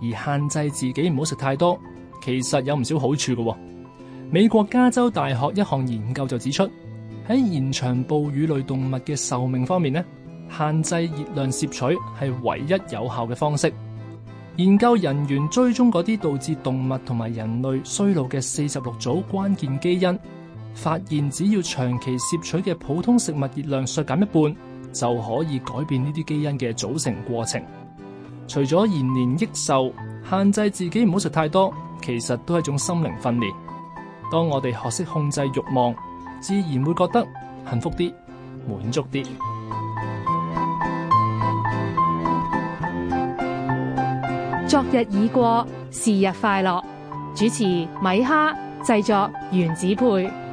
而限制自己唔好食太多，其實有唔少好處嘅。美國加州大學一項研究就指出，喺延長哺乳類動物嘅壽命方面呢，限制熱量攝取係唯一有效嘅方式。研究人員追蹤嗰啲導致動物同埋人類衰老嘅四十六組關鍵基因，發現只要長期攝取嘅普通食物熱量削減一半，就可以改變呢啲基因嘅組成過程。除咗延年益壽，限制自己唔好食太多，其實都係一種心靈訓練。當我哋學識控制欲望，自然會覺得幸福啲、滿足啲。昨日已過，是日快樂。主持米哈，製作原子配。